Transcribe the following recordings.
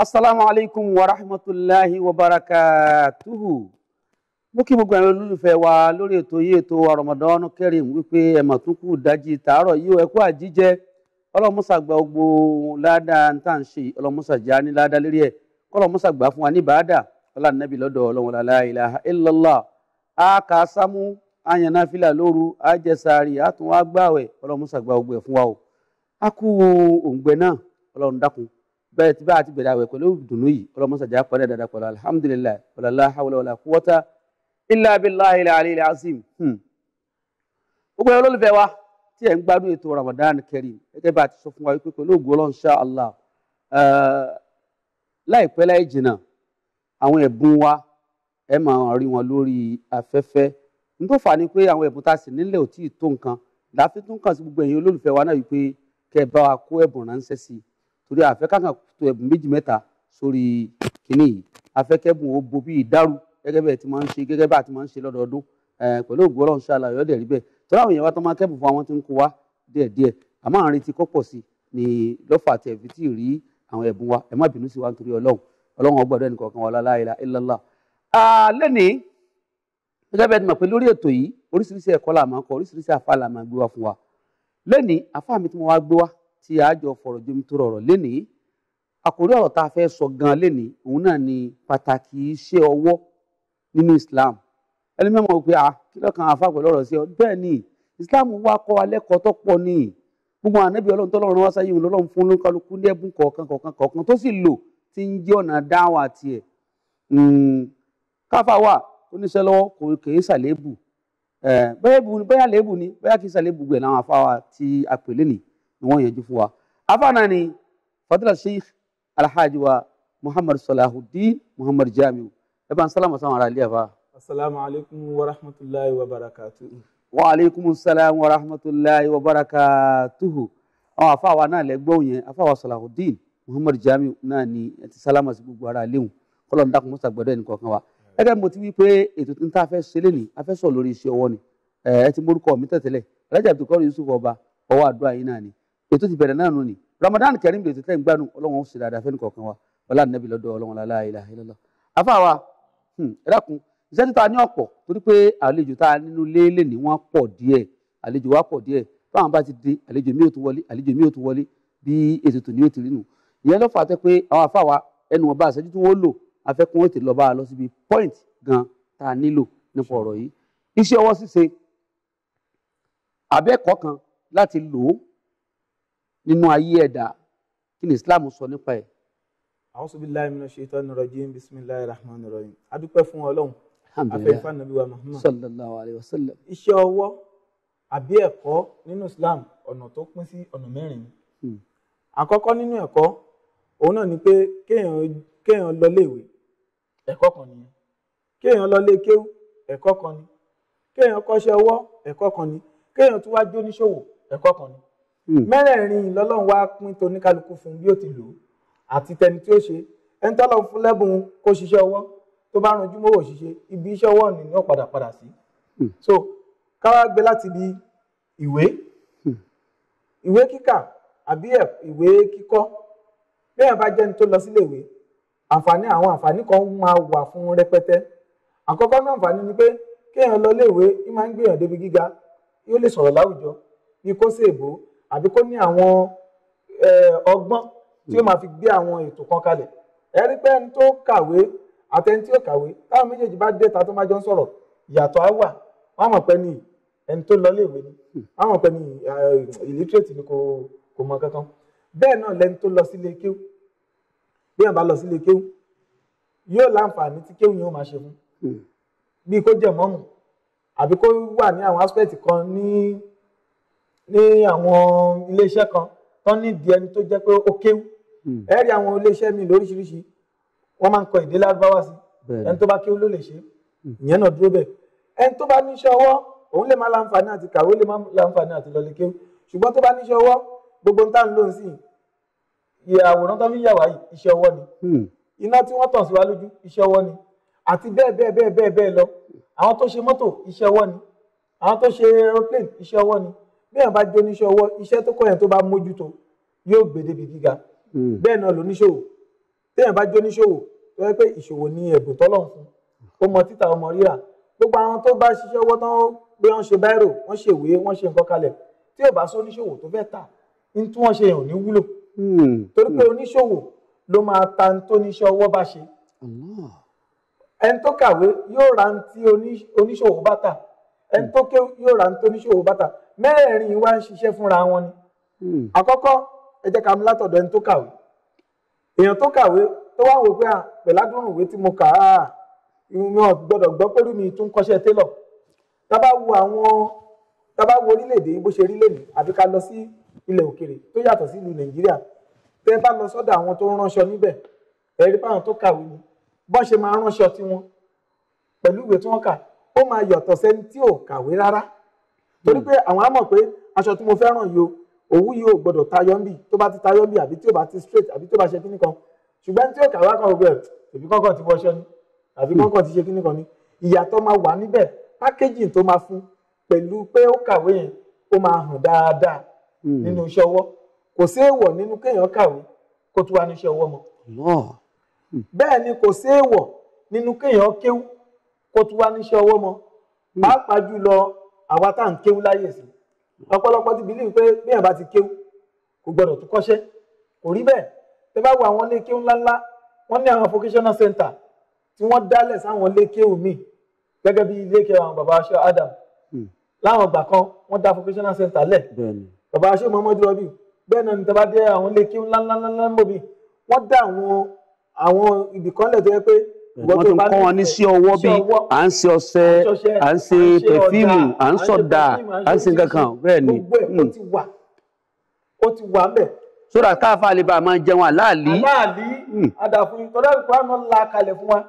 asalaamu alaykum wa rahmatulahi wa barakatuhu mo kí gbogbo àwọn olólùfẹ́ wa lórí ètò yìí ètò Ramadan Kareem wípé ẹ̀mọ̀ tún kù dájí tààrọ̀ yìí ẹ̀kú àjíjẹ ọlọ́mọ́sà gba gbogbo ládàá ń tà ń ṣe ọlọ́mọ́sà já ní ládàá lérí ẹ̀ kọ́lọ́mọ́sà gbà fún wa ní bàádà ọlànàbì lọ́dọ̀ ọlọ́wọ́n la ilaha illallah àkà sámú àyànnáfìlà lóru àjẹsàárì àtúnwá gbàwẹ̀ ọlọ́mọ́sà gba gbogbo ẹ̀ fún wa o. a kú òǹgbẹ náà ọlọ́run dákun bẹ́ẹ̀ ti bá a ti bẹ̀rẹ̀ àwẹ̀ dùnú yìí ọlọ́mọsàjà pẹ̀lẹ́ dada pẹ̀lú alhamdulilayi wàlálà hawla ilà ilẹ̀ azim. Hmm. gbogbo ẹ̀rọ olùfẹ́ wa tí ń gbádùn Ramadan Kareem gẹ́gẹ́ bá a ti sọ fún wa wípé ògùn ṣá allah eh, láìpẹ́ láì àwọn wa ẹ̀ máa lórí n tó fà ní pé àwọn ẹ̀bùn tá a sì nílẹ̀ ò tí ì tó nǹkan torí àfẹ́ kankan tó ẹ̀bùn méjì mẹ́ta sórí kínní yìí afẹ́ kẹ́bùn ó bo bí ìdárú gẹ́gẹ́ bẹ́ẹ̀ ti máa ń ṣe gẹ́gẹ́ bá ti máa ń ṣe lọ́dọọdún pẹ̀lú ògbó ọlọ́run ṣáàlà yọ dẹ̀ rí bẹ́ẹ̀ tọ́lá àwọn èèyàn tó máa kẹ́bùn fún àwọn tó ń kó wa díẹ̀ díẹ̀ àmọ́ à retí kó pọ̀ sí ni lọ́fà àti ẹ̀fí tí ì rí àwọn ẹ̀bùn wa ẹ má bínú sí wa nítorí ọlọ́run ọlọ́run ọgbọ́dọ̀ ẹnì kọ̀ọ̀kan wa láláìlá ìlàlá. lẹ́ni gẹ́gẹ́ bẹ́ẹ̀ ti mọ̀ pé lórí ètò yìí oríṣiríṣi ẹ̀kọ́ là máa kọ oríṣiríṣi àfa là máa gbé wa fún wa lẹ́ni àfa mi tí mo wá gbé wa tí a jọ fọ̀rọ̀ jomi tó rọrọ̀ lénìí àkórí ọ̀rọ̀ tá a fẹ́ sọ gan lénìí òun náà ni pàtàkì iṣẹ́ ọwọ́ nínú Islam ẹni mẹ́mọ̀ pé a kí lọ́kàn afa pẹ̀lú ọ̀rọ̀ ọ bẹ́ẹ̀ ni Islam wá kọ́ alẹ́ kọ́ tó pọ̀ ni gbogbo ọlọ́run wá sáyé ọlọ́run fún ní ẹ̀bùn kọ̀ọ̀kan kọ̀ọ̀kan kọ̀ọ̀kan tó sì lò tí ń jẹ́ ọ̀nà hmm, wà oníṣẹ́ lọ́wọ́ kò sàlébù bẹ́ẹ̀ lébù ni bẹ́ẹ̀ kì í sàlébù gbẹ̀ láwọn ni wọ́n yẹjú fún wa afáàná ni fadila sheikh alhaji wa muhammad salahudeen muhammad jamiu ẹ bá ń sálàmù sáwọn ará ilé àbá. asalaamualeykum wa rahmatulahi wa barakatuhu. wa aleykum salaam wa rahmatulahi wa barakatuhu àwọn afáwa náà lẹ́gbọ́n yẹn afáwa salahudeen muhammad jamiu náà ni ẹ ti sálàmù sí gbogbo ará léwu kọlọ̀ ń dákun mọ́sà gbọ́dọ̀ ẹnì kọ̀ọ̀kan wa gẹ́gẹ́ mo ti wí pé ètò tí n ta fẹ́ ṣe lé ní afẹ́sọ̀ lórí iṣẹ́ ọwọ́ ni ẹ ti mórúkọ mi tẹ̀tẹ̀lẹ̀ alájà Abdulkadir Yusuf ọba ọwọ́ àdúrà yìí náà ni ètò ti bẹ̀rẹ̀ náà nù ni Ramadan Kareem lè tẹ́tẹ́ ń gbádùn ọlọ́run ó sì dáadáa fẹ́ni kọ̀ọ̀kan wa ọlá nàbí lọ́dọ̀ ọlọ́run la ilaha illallah afa wa hmm, ẹ̀dàkùn iṣẹ́ títa ní ọ̀pọ̀ torí pé àlejò tá a nínú léèlè ni wọ́n pọ̀ díẹ̀ àlejò wa pọ̀ díẹ̀ báwọn bá ti di àlejò mi ò tún wọlé àlejò mi ò tún wọlé bí ètò tòní ò ti rí nù ìyẹn ló fà á tẹ́ pé àwọn afa wa ẹnu wọn bá àṣẹjú tí wọ́n lò afẹ́kùn ètò point gan tá a nílò nípa ọ̀rọ̀ yìí iṣẹ́ ọwọ́ ṣíṣe nínú ayé ẹ̀dá kí ni Islam sọ nípa ẹ̀. A'udhu billahi minash shaitani rajim bismillahir rahmanir rahim adúpẹ́ fún ọlọ́run afẹ́fẹ́ nàbí wa Muhammad sallallahu alayhi wa sallam. iṣẹ́ ọwọ́ àbí ẹ̀kọ́ nínú Islam ọ̀nà tó pín sí ọ̀nà mẹ́rin hmm. àkọ́kọ́ nínú ẹ̀kọ́ òun náà ni pé kéèyàn lọ léèwé ẹ̀kọ́ kan nìyẹn kéèyàn lọ lé kéwú ẹ̀kọ́ kan ni kéèyàn kọ́ṣẹ́ ọwọ́ ẹ̀kọ́ kan ni kéèyàn tún wá jóníṣòwò ẹ̀kọ́ kan ni Hmm. mẹ́rẹ̀ẹ̀rin lọ́lọ́run wá pín toníkálukú fún bí ó ti lò ó àti tẹni tí ó ṣe ẹni tọ́lọ́ fún lẹ́bùn kó ṣiṣẹ́ ọwọ́ tó bá ranjú mọ́wọ́ ṣiṣẹ́ ibi iṣẹ́ ọwọ́ ni yóò padà padà sí. Hmm. so káwá gbé láti di ìwé hmm. ìwé kíkà àbí ìwé kíkọ́ bí ẹ̀ bá jẹ́ni tó lọ sílé ìwé àǹfààní àwọn àǹfààní kan máa wà fún rẹpẹtẹ àkọ́kọ́ náà àǹfààní ni pé kéèyàn lọ léèwé ń máa ń gbìyànjú débi gíga yóò lè sọ̀rọ̀ láwùjọ bí kó ṣèbó àbí kó ní àwọn ọgbọ́n tí ó máa fi gbé àwọn ètò kan kalẹ̀ ẹ rí pé ẹni tó kàwé àtẹni tí ó kàwé táwọn méjèèjì bá dé ta tó máa jọ ń sọ̀rọ̀ ìyàtọ̀ á wà wọ́n mọ̀ pé ní ẹni tó lọ léèwé ni wọ́n mọ̀ pé ní illiterate ni kò kò mọ kankan bẹ́ẹ̀ náà lẹni tó lọ sílé kéwú bí wọ́n bá lọ sílé kéwú yóò láǹfààní tí kéwú yẹn ó máa ṣe fún hmm. bíi kó jẹ́ mọ́mù àbí kó wà ní àwọn aspect kan ní ní àwọn iléeṣẹ́ kan tán nídìí ẹni tó jẹ́ pé ó kéwú hmm. ẹ rí àwọn iléeṣẹ́ mi lóríṣiríṣi wọ́n máa ń kọ èdè lárúbáwá sí ẹni tó bá kéwú ló lè ṣe hmm. ìyẹn náà dúró bẹ́ẹ̀ ẹni tó bá níṣẹ́ ọwọ́ òun lè má láǹfààní àti kàwé lè má láǹfààní àti lọ lè kéwú ṣùgbọ́n tó bá níṣẹ́ ọwọ́ gbogbo ń tà ń lò ń àwòrán tó fi yà wá iṣẹ́ ọwọ́ ni hmm. iná tí wọ́n tàn sí lójú iṣẹ́ ọwọ́ ni àti bẹ́ẹ̀ bẹ́ẹ̀ bẹ́ẹ̀ bẹ́ẹ̀ lọ àwọn tó ṣe mọ́tò iṣẹ́ ọwọ́ ni àwọn tó ṣe aeroplane iṣẹ́ ọwọ́ ni bẹ́ẹ̀ bá jó níṣẹ́ ọwọ́ iṣẹ́ tó kọ́ yẹn tó bá mójútó yóò gbé débi gíga hmm. bẹ́ẹ̀ náà ló níṣòwò téèyàn bá jó níṣòwò tó yẹ pé ìṣòwò ni ẹ̀bùn tọ́lọ̀ fún ó mọ títà ọmọ rírà gbogbo àwọn tó bá ṣiṣẹ́ ọwọ́ tán pé wọ́n ṣe báírò wọ́n ṣe ìwé wọ́n ṣe nǹkan kalẹ̀ tí ò bá sọ oníṣòwò tó fẹ́ tà ní tí wọ́n ṣe yàn ní wúlò hmm. torí pé oníṣòwò ló máa ta ní tó níṣẹ́ ọwọ́ bá ṣe ẹni tó kàwé yóò ra ní tí oníṣòwò bá tà ẹni tó kéwú yóò ra ní tó níṣòwò bá tà mẹ́rẹ̀ẹ̀rin wá ń ṣiṣẹ́ fúnra wọn ni hmm. àkọ́kọ́ ẹ jẹ́ ká mú látọ̀dọ̀ ẹni tó kàwé èèyàn tó kàwé tó wá wò pé à pẹ̀ládùn ìwé tí mo kà á ìyàn gbọ́dọ̀ gbọ́ pẹ̀lú mi tún kọ́ṣẹ́ télọ̀ tábà wo àwọn tábà wo orílẹ̀-èdè bó ṣe rí lèmi àbí ká lọ sí ilẹ̀ òkèrè tó yàtọ̀ sí ìlú nàìjíríà tẹ́ bá lọ sọ́dọ̀ àwọn tó ń ránṣọ níbẹ̀ ẹ̀rí báwọn tó kàwé ni bọ́n ṣe máa ránṣọ tiwọn pẹ̀lú ìwé tí wọ́n kà ó máa yọ̀tọ̀ sẹ́ni tí ò kàwé rárá torí pé àwọn á mọ̀ pé aṣọ tí mo fẹ́ràn yìí o òwú yìí ò gbọ́dọ̀ tayọ ń bì tó bá ti tayọ ń bì àbí tí ò bá ti straight àbí tí ò bá ṣe kíní kan ṣùgbọ́n tí ò kàwá kan gbẹ èbí kọ́kọ́ ti wọṣọ ni àbí hmm. kọ́kọ́ ti ṣe kíní kan ni ìyàtọ̀ máa wà níbẹ̀ pákéjì tó máa fún pẹ̀lú pé ó kàwé yẹn ó máa hàn dáadáa hmm. nínú iṣẹ́ ọwọ́ kò sí èèwọ̀ nínú kéèyàn kàwé kó tún wá níṣẹ́ ọwọ́ mọ́ hmm. bẹ́ẹ̀ ni kò sí èèwọ̀ nínú kéèyàn kéwú kó tún wá níṣẹ́ ọwọ́ mọ́ pàápàá jùlọ àwa tá à ń kéwú láyè sí ọ̀pọ̀lọpọ̀ ti bìlíì pé bí ẹ̀ bá ti kéwú kò gbọdọ̀ tún kọ́ṣẹ́ kò rí bẹ́ẹ̀ tẹ bá wo àwọn ilé kéwú ńláńlá wọ́n ní àwọn vocational center tí wọ́n dálẹ̀ sáwọn ilé kéwú míì gẹ́gẹ́ bí ilé kéwú àwọn bàbá aṣọ Adam láwọn ìgbà kan wọ́n dá vocational center lẹ̀ bàbá aṣọ Muhammadu Rabi bẹ́ẹ̀ náà ni tẹ bá dé àwọn ilé kéwú ńláńláńlá mọ̀bí wọ́n dá àwọn àwọn ibìkanlẹ̀ tó yẹ pé wọ́n tún kọ́ wọn ní sí ọwọ́ bí à ń ṣe ọṣẹ à ń ṣe pẹfíìmù à ń sọ̀dà à ń ṣe kankan bẹ́ẹ̀ ni. gbogbo ẹ̀ ó ti wà mẹ́. sódà tá a fa àlebà máa jẹun aláàlí. aláàlí àdàfún hmm. ìtọ́lá ìkúránà la kalẹ̀ fún wa.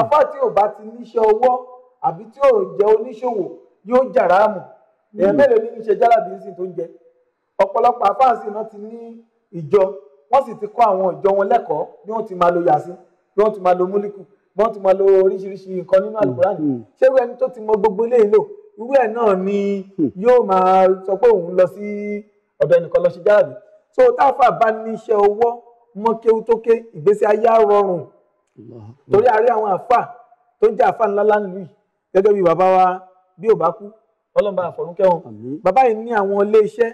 afá tí o bá ti níṣẹ́ ọwọ́ àbí tí ò jẹ́ oníṣòwò yóò jàrá mù. Hmm. èèyàn mélòó ní í ṣe jálàbí sí tó ń jẹ. ọ̀pọ̀lọpọ̀ afáàsì náà ti ní ìjọ wọ́n sì ti kọ́ àwọn ìjọ wọn lẹ́kọ̀ọ́ bí wọ́n ti máa lo yàsí bí wọ́n ti máa lo múlíkù wọ́n ti máa lo oríṣiríṣi nǹkan nínú àlùkùrán ni hmm, hmm. ṣé irú ẹni tó ti mọ gbogbo ilé ìlò irú ẹ̀ náà ni hmm. yóò máa sọ pé òun lọ sí ọ̀dọ̀ ẹnìkan lọ ṣe jáde so táfà bá níṣẹ́ ọwọ́ mọ́ kéwú tó ké ìgbésí ayé á rọrùn torí a rí àwọn àfà tó ń jẹ́ àfà ńlá lánìlú yìí gẹ́gẹ́ bí bàbá wa bí ò bá kú ọlọ́mọba àfọ̀rúnkẹ́ wọn bàbá yìí ní àwọn iléeṣẹ́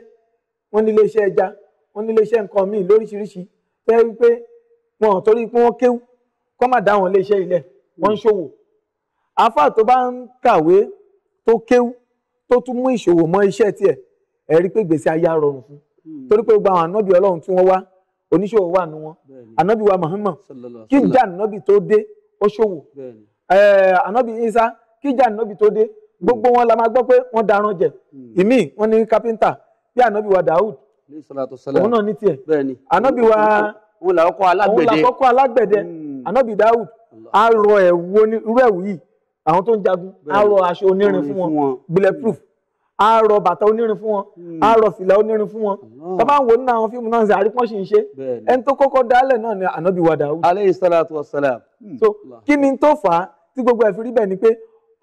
wọ́n ní iléeṣẹ́ ẹja wọ́n ní iléeṣẹ́ nǹkan míì lóríṣiríṣi tẹ́ wípé wọn ò torí pé wọ́n kéwú kọ́ má dá àwọn iléeṣẹ́ ilẹ̀ wọ́n ń ṣòwò afa tó bá ń kàwé tó kéwú tó tún mú ìṣòwò mọ́ iṣẹ́ tiẹ̀ ẹ̀ rí pé gbèsè ayé rọrùn fún hmm. torí pé gbogbo àwọn ànábì ọlọ́run tí wọ́n wá oníṣòwò wà nù wọn ànábì wa Muhammad kí jà ànábì tó dé ó ṣòwò ànábì Isa kí jà ànábì tó dé gbogbo wọn la máa gbọ́ pé wọ́n daran jẹ hmm. ìmíì wọ́n ní kápẹ́ńtà bí ànábì wa Dawud òun náà ní tiẹ̀ ànábì wa òun làkọ́kọ́ alágbẹ̀dẹ hmm anabi dawud á rọ ẹ̀wù irú ẹ̀wù yìí àwọn tó ń jagun á rọ aṣọ onírin fún wọn bulletproof á rọ bàtà onírin fún wọn á hmm. rọ fìlà onírin fún wọn tó bá ń wò nínú àwọn fíìmù náà ń sẹ àrípọ́n sì ń ṣe ẹni tó kọ́kọ́ dálẹ̀ náà ni anabi wa dawud. aleyhi salatu wa salam. Hmm. so kí ni tó fà á tí gbogbo ẹ̀ fi rí bẹ́ẹ̀ ni pé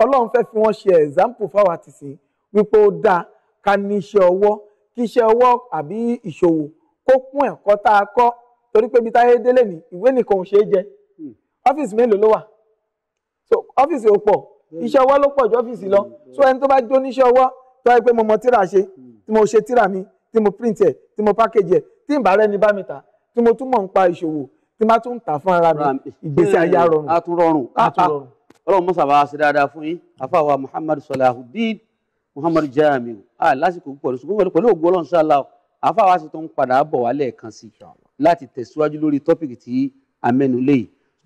ọlọ́run fẹ́ fi wọ́n ṣe example fáwa ti sìn wípé ó dáa ká ní iṣẹ́ ọwọ́ kí iṣẹ́ ọwọ́ àbí ìṣòwò kó kún ẹ̀kọ́ tá a kọ́ torí pé ibi táyé délé ní ìwé nìkan ò ṣeé jẹ ọ́fíìsì mélòó ló wà so ọ́fíìsì ò pọ̀ hmm. iṣẹ́ ọwọ́ ló pọ̀ ju ọ́fíìsì lọ hmm. so ẹni tó bá jó níṣẹ́ ọwọ́ tó yẹ pé mo mọ tíra ṣe hmm. tí mo ṣe tíra mi tí mo print ẹ̀ tí mo package ẹ̀ tí ìbára ẹni bá mi tà tí mo tún mọ̀ ń pa ìṣòwò tí má tún tà fún ara mi ìgbésí ayé rọrùn. a tún rọrùn a tún ah, ah. rọrùn ọlọ́run mọ́sà bá ṣe dáadáa fún yín àfàwà muhammadu salahudeen muhammadu jamiu a lásìkò púpọ̀ lóṣù púpọ̀ pẹ̀lú ògùn ọlọ́run sáà àfàwà sì tó ń padà bọ̀ wálẹ̀ kan sí láti a mẹ́nu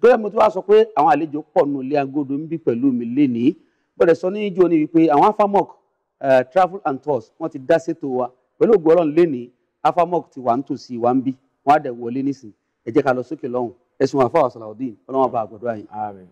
gẹ́gẹ́ mo ti wá sọ pé àwọn àlejò pọ̀ nù ilé agodo ń bí pẹ̀lú mi lénìí bọ́dẹ̀ sọ ní ijó ni wípé àwọn afamok travel and tours wọ́n ti dá sétò wa pẹ̀lú ògùn ọlọ́run lénìí afamok ti wà ń tòsí wa ń bí wọ́n á dẹ̀ wọlé nísìn ẹ jẹ́ ká lọ sókè lọ́hùn ẹ̀sùn àfọwọ́sọ̀lá ọ̀dín ọlọ́wọ́n bá àgbọ̀dọ̀ àyìn.